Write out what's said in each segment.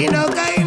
y no caí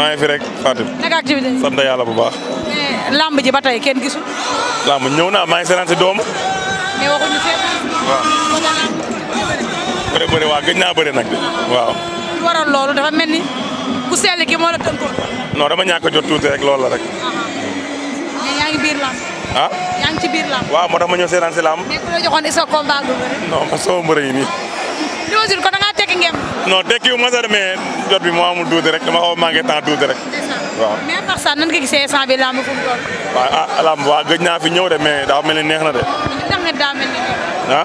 maa ngi fi rek Fatim. yàlla bu baax. mais lamb ji ba tey kenn gisul. lamb ñëw naa maa ngi seetaan si doomu. mais waxuñu seet. waaw. bëri bëri waaw gëj naa bëri nag de waaw. lu waral loolu dafa mel ni ku sell ki moo la tënkoon. non dama ñàkk jot tuuti rek loolu la rek. Uh-huh. mais yaa ah? biir lamb. waaw moo tax ma ñëw seetaan si lamb. mais ku la joxoon isa combat bu bëri. non man sama mbër yi nii. ngeen. non tekki wu ma sax mais jot bi moo amul tuuti rek dama xaw a manqué temps tuuti rek. waaw mais à part ça nan waa ah, gëj naa fi ñëw de mais daa mel ni neex na de. ah. daa mel ni neex ah?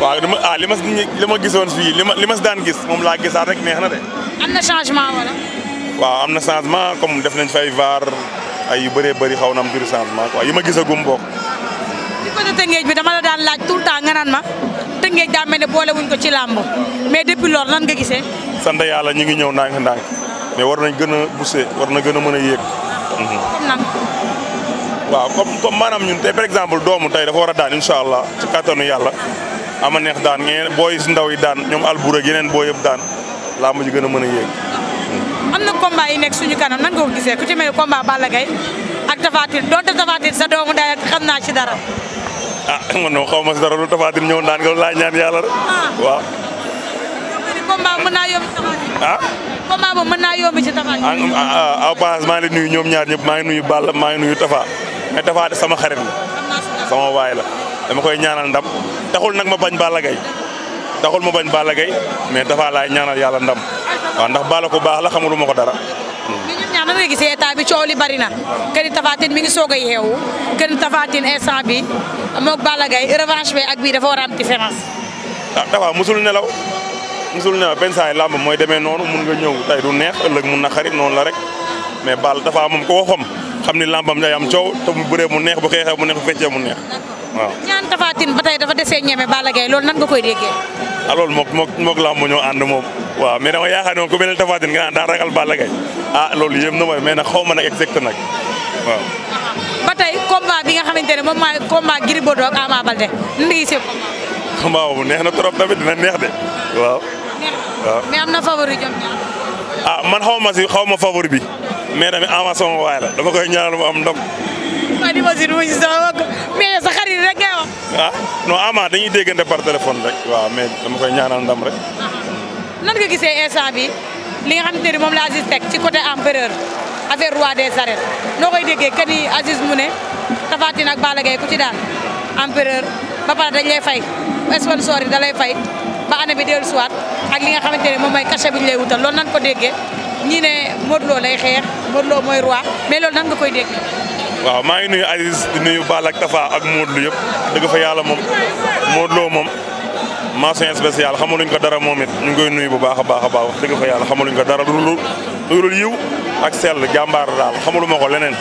na. li ma ah gisoon fii li ma li ma si daan gis moom laa gisaat rek neex na de. am na changement wala. waaw am na changement comme def nañ fay vaar ay yu bëree xaw na am tuuti changement quoi yi ma gisa bokk. ci dama la daan laaj tout le temps nga naan ma Tëngéej daa mel ne boole wuñ ko ci làmb mais depuis loolu nan nga gisee. sant yàlla ñu ngi ñëw ndànk-ndànk mais war na gën a bousee war na gën a mën a yéeg. comme nan. waaw comme comme maanaam ñun tey par exemple doomu tey dafa war a daan incha allah ci kattanu yàlla ama neex daan ngeen booy si ndaw yi daan ñoom albur ak yeneen booy yëpp daan làmb ji gën a mën a yéeg. am na combat yi nekk suñu kanam nan nga ko gisee ku ci mel combat Balla Gaye ak Tapha Tine donte sa doomu day ak xam naa ci dara. ah man moom xaw ma si dara lu Tapha Tine ñëw naan nga laa ñaan yàlla rek. Ah. waaw. combat ah? mën naa yomb ci Tapha Tine. ah. ci Tapha Tine. ah avance ah, maa ngi nuyu ñoom ñaar ñëpp maa ngi nuyu Balla maa ngi nuyu Tapha mais Tapha sama xarit la. sama waay la dama koy ñaanal ndam taxul nag ma bañ Balla Gaye taxul ma bañ Balla Gaye mais Tapha laay ñaanal yàlla ndam waaw ndax Balla ko baax la xamuluma ko dara. nga gisee état bi coow li bari na këri Tapha mi ngi soog a yeewu këri Tapha Tine instant bi moog Balla ak bii dafa war a am différence. ah dafa musul nelaw musul nelaw benn mooy demee noonu mun nga ñëw tey du neex ëllëg mun na xarit noonu la rek mais Balla dafa moom ko waxam xam ni làmbam day am coow te mu bëree mu neex bu xeexee mu neex bu feccee mu neex waaw. ñaan Tapha ba tey dafa desee ñeme Balla Gaye loolu nan nga koy déggee. ah loolu moog moog moog làmb ànd moom. waaw mais dama yaakaar noonu ku mel ne Tapha Tine nga naan daa ragal Balla Gaye ah loolu yëm na mooy mais nag xaw ma nag exact nag waaw. ba tey combat bi nga xamante ne moom am na favori jom ah, xaw ma si xaw ma favori bi mais koy ñaanal mu am ndam. ah di ma si ma sa xarit rek ngay wax. ah non Ama dañuy déggante par téléphone rek waaw mais dama koy ñaanal ndam rek. nan nga gisee instant bi li nga xamante ni moom la Aziz teg ci côté empereur affaire roi des arènes noo koy déggee que ni Aziz mu ne Tapha Tine ak Balla Gaye ku ci daan empereur ba pare dañ lay fay sponsor yi da lay fay ba année bi dellu siwaat ak li nga xamante ne moom may cachet bi ñu lay wutal loolu nan ko déggee ñi ne Modou Lo lay xeex Modou Lo mooy roi mais loolu nan nga koy dégg waaw maa ngi nuyu Aziz di nuyu Balla ak Tapha ak Modou Lo yëpp dëgg fa yàlla moom Modou Lo moom. mention spéciale xamaluñ ko dara moom it ñu ngi koy nuyu bu baax a baax a baax wax dëgg fa yàlla xamaluñ ko dara lu dul yiw ak sell jàmbaar daal xamaluma ko leneen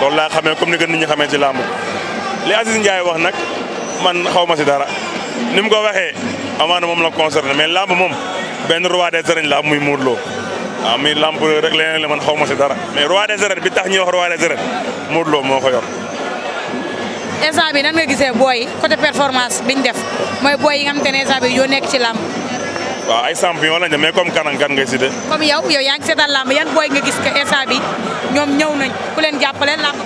loolu laa xamee comme ni ko nit ñi xamee ci làmb li Aziz Ndiaye wax nag man xaw ma si dara ni mu ko waxee amaana moom la concerné mais làmb moom benn roi des arènes la muy Modou loo waaw ah, muy làmb rek leneen la man xaw ma si dara mais roi des arènes bi tax ñuy wax roi des arènes Modou Lo moo ko yor instant bi nan nga gisee booy côté performance biñ def mooy booy yi nga xamante ne instant bi yoo nekk ci làmb. waaw ay champion lañ mais comme kan ak kan ngay cité. comme yow yow yaa ngi seetaan làmb yan booy nga gis que ñoom ñëw nañ ku leen jàppale làmb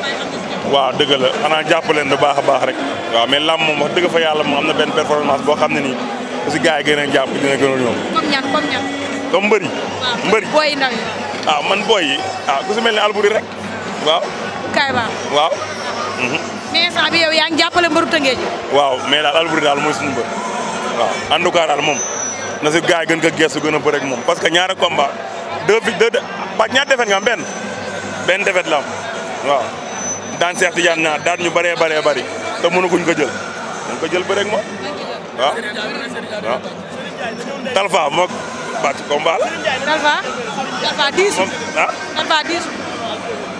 waaw dëgg la xanaa jàpp leen bu baax a baax rek waaw mais làmb moom wax dëgg fa yàlla moom am na benn performance boo xam ne nii aussi gars yi gën a jàpp dina gënal ñoom. comme ñan comme ñan. comme mbëri. mbëri booy ndaw yi. ah man booy yi ah ku si Mhm. mais instant bi yow yaa ngi jàppale mbaru Tëngéej waaw mais daal Alboury daal mooy suñu mbër waaw en tout cas daal moom na si gars yi gën ko geestu gën moom parce que ñaari combat deux bi deux ba ñaar defet nga am benn defet la am waaw daan Cheikh Tidiane ñaar daan ñu baree baree bari te mënaguñ ko jël dañ ko jël bëre ak moom moog bàcc combat la. Talfa diisu. ah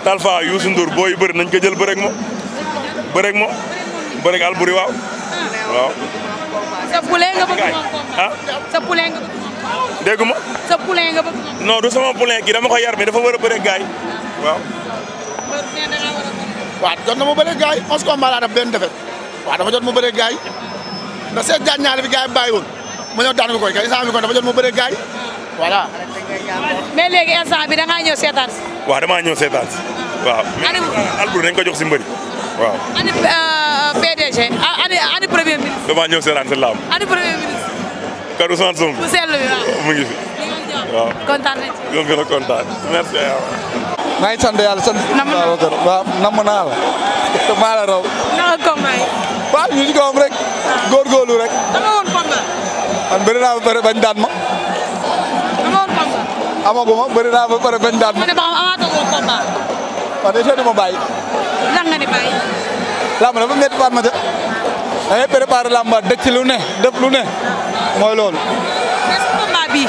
Talfa diisu. booy yu bëri nañ ko jël bëre bëreeg moom bëreeg Alboury waaw waaw. sa poulain nga bëgg moom combat sa poulain nga bëgg moom. dégg ma. sa poulain nga bëgg moom. non du sama poulain kii dama ko yar mais dafa war a bëreeg gaay waaw. waaw jot na mu bëreeg gaay yi onze combat laa def benn defet waaw dafa jot mu bëreeg gaay yi seet jaan ñaari bi gaay yi bàyyi woon mu daan bi koy kay instant bi kon dafa jot mu bëreeg gaay yi voilà. mais léegi instant bi da ngaa ñëw seetaan si. waaw damaa ñëw seetaan si. waaw mais Alboury dañ ko jox si waaw euh, ah, ani premier ministre. damaa ñëw seetaan si laam. mu ngi fi. waaw kontaan nañ sant yàlla sant. namm naa la waaw namm naa la. la raw. waaw ñu ci kawam rek. góorgóorlu rek. dama woon combat. man bëri naa ba pare bañ daan ma. dama woon combat. amaguma bëri naa ba pare bañ daan ma. ma ne ma amaatoo woon combat. waaw déjà du ma bàyyi. lan nga ni bàyyi. làmb dafa métti Fatou Mata da ngay préparé làmb lu ne mooy loolu. mais sa bi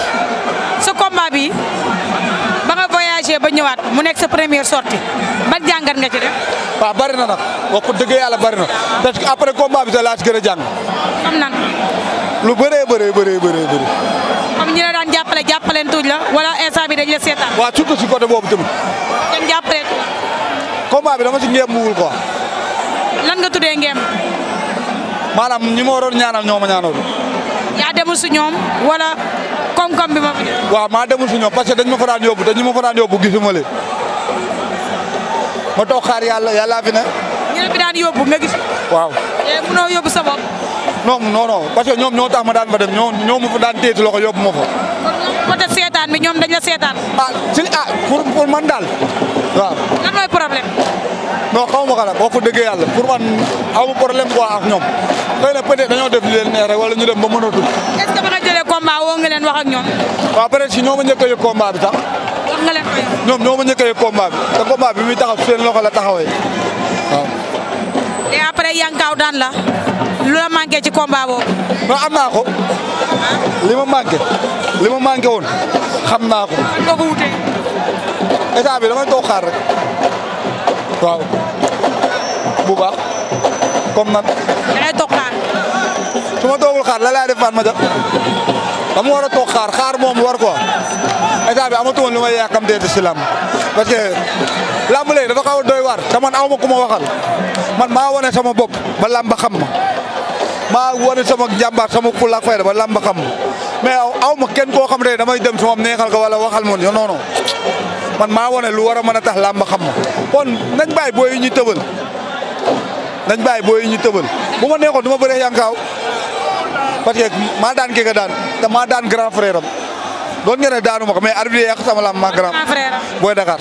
sa combat bi ba nga voyagé mu nekk se première sortie ban jàngat nga ci def. waaw bari na nag wax ko dëgg yàlla bari na parce que après combat bi sax laa ci gën a jàng. xam nan lu bëree bëree bëree bëree bëri. comme ñi daan jàppale jàppaleen tuuj la wala instant bi dañ la seetaan. waaw surtout si côté boobu tamit. dañ jàppale. combat bi dama ci ngeem wul quoi. lan nga tuddee ngeem. maanaam ñi ma waroon ñaanal ñoo ma ñaanal. yaa demul si ñoom wala koom-koom bi ma fa maa demul ñoom parce que dañ ma fa daan yóbbu te ñi ma fa daan yóbbu gisuma leen ma toog xaar yàlla yàllaa fi ne. ñu ne daan yóbbu nga gis. waaw te eh, munoo yóbbu sa bopp. non non non parce que ñoom ñoo tax ma daan fa dem ñoo ñoo ma fa daan téye loxo yóbbu ma fa. kon côté seetaan bi ñoom dañ la seetaan. ah ci ah, man daal waaw. problème. xa xaw ma xalaat boo ko déggee yàlla pour man aw ma problème quoi ak ñoom xëy na peut dañoo def li leen neex rek wala ñu dem ba mënatul. est-ce que ba nga jëlee combat woo nga leen wax ak ñoom. waaw peut si ñoo ma njëkk a yëg combat bi sax. wax nga ñoom ñoo ma njëkk a yëg combat bi te combat loxo la taxawee waaw. te après yankaaw daan la lu la manqué ci combat boobu. non am naa ko. li ma manqué li ma manqué woon xam naa ko. état bi toog xaar rek. waaw bu baax comme nag. da ma toogul xaar la laay def faat ma jot dama war a toog xaar xaar moom war quoi état bi amatu woon lu may yàkkamtee si làmb parce que làmb léegi dafa xaw a doy waar te man aw ma ku ma waxal man maa wane sama bopp ba làmb xam ma maa wane sama jàmbaar sama fulla ak fayda ba làmb xam ma. mais aw ma kenn koo xam ne damay dem si moom neexal ko wala waxal ma non non man maa wane lu war a mën a tax làmb xam ma kon nañ bàyyi booy yi ñu tëbal nañ booy yi ñu tëbal bu ma neexoon du ma bëree yankaaw parce que maa daan kii nga daan te maa daan grand frère doon ngeen ne daanu ma ko mais arbitre yàq sama làmb maa grand booy Dakar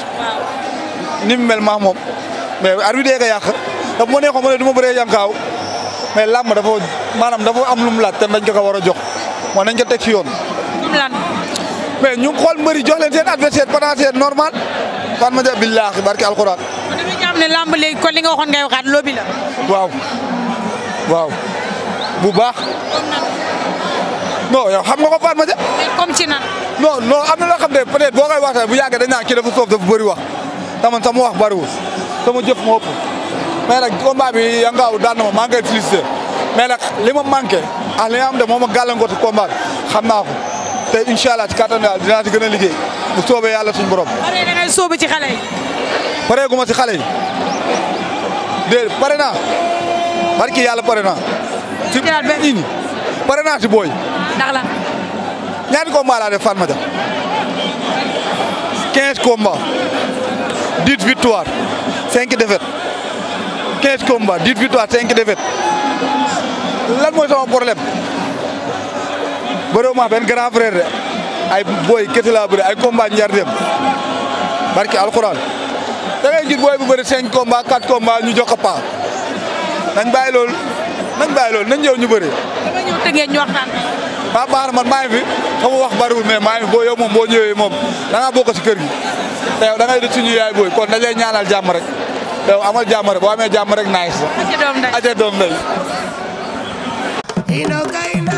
ni mu mel maa moom mais arbitre yee ko yàq te bu ma neexoon ma du ma bëree yankaaw mais làmb dafa maanaam dafa am lu mu laaj te dañ ko war a jox. mooy nañ ko teg ci yoon. mais ñu xool mbëri jox leen seen adversaire potentiel normal fan ma jàpp billaahi barki alxuraan. kon dañuy jàpp li nga waxoon ngay waxaat loobi la. waaw waaw bu baax. non yow xam nga ko fan ma jàpp. mais ci nan. non non am na loo xam ne peut être boo koy waxtaan bu yàggee dañ naan kii dafa soof dafa bëri wax dama sama wax bëriwul sama jëf ma ëpp mais nag combat bi yangaaw daan na ma maa ngi koy félicité mais nag li ma manqué. ah li nga xam ne moom ak gàllankoor ci combat xam naa ko te incha allah ci kattan dinaa ci gën liggéey bu soobee yàlla suñu borom. pare da ngay sóobu ci xale yi. pare gu ma ci xale yi déedéet pare naa barki yàlla pare pare naa ci booy. ndax la. ñaari combat laa def Fatma Dia 15 combats 10 victoires 5 défaites 15 combats 10 lan mooy sama problème bëriwuma benn grand frère de ay booy kete laa ay combat ñaar dem barki alxuraan da ngay gis booy bu bëri cinq combat quatre combat ñu jox ko paa nañ bàyyi loolu nañ bàyyi loolu nañ ñëw ñu bëri. dama ñëw te Baara man maa ngi fi sama wax bariwul mais maa fi boo yow moom boo ñëwee moom da ngaa bokk kër gi te yow da ngay suñu yaay booy kon dañ lay ñaanal jàmm rek yow amal jàmm rek boo amee jàmm rek naaj sax. aja doom doom ndey. y no caí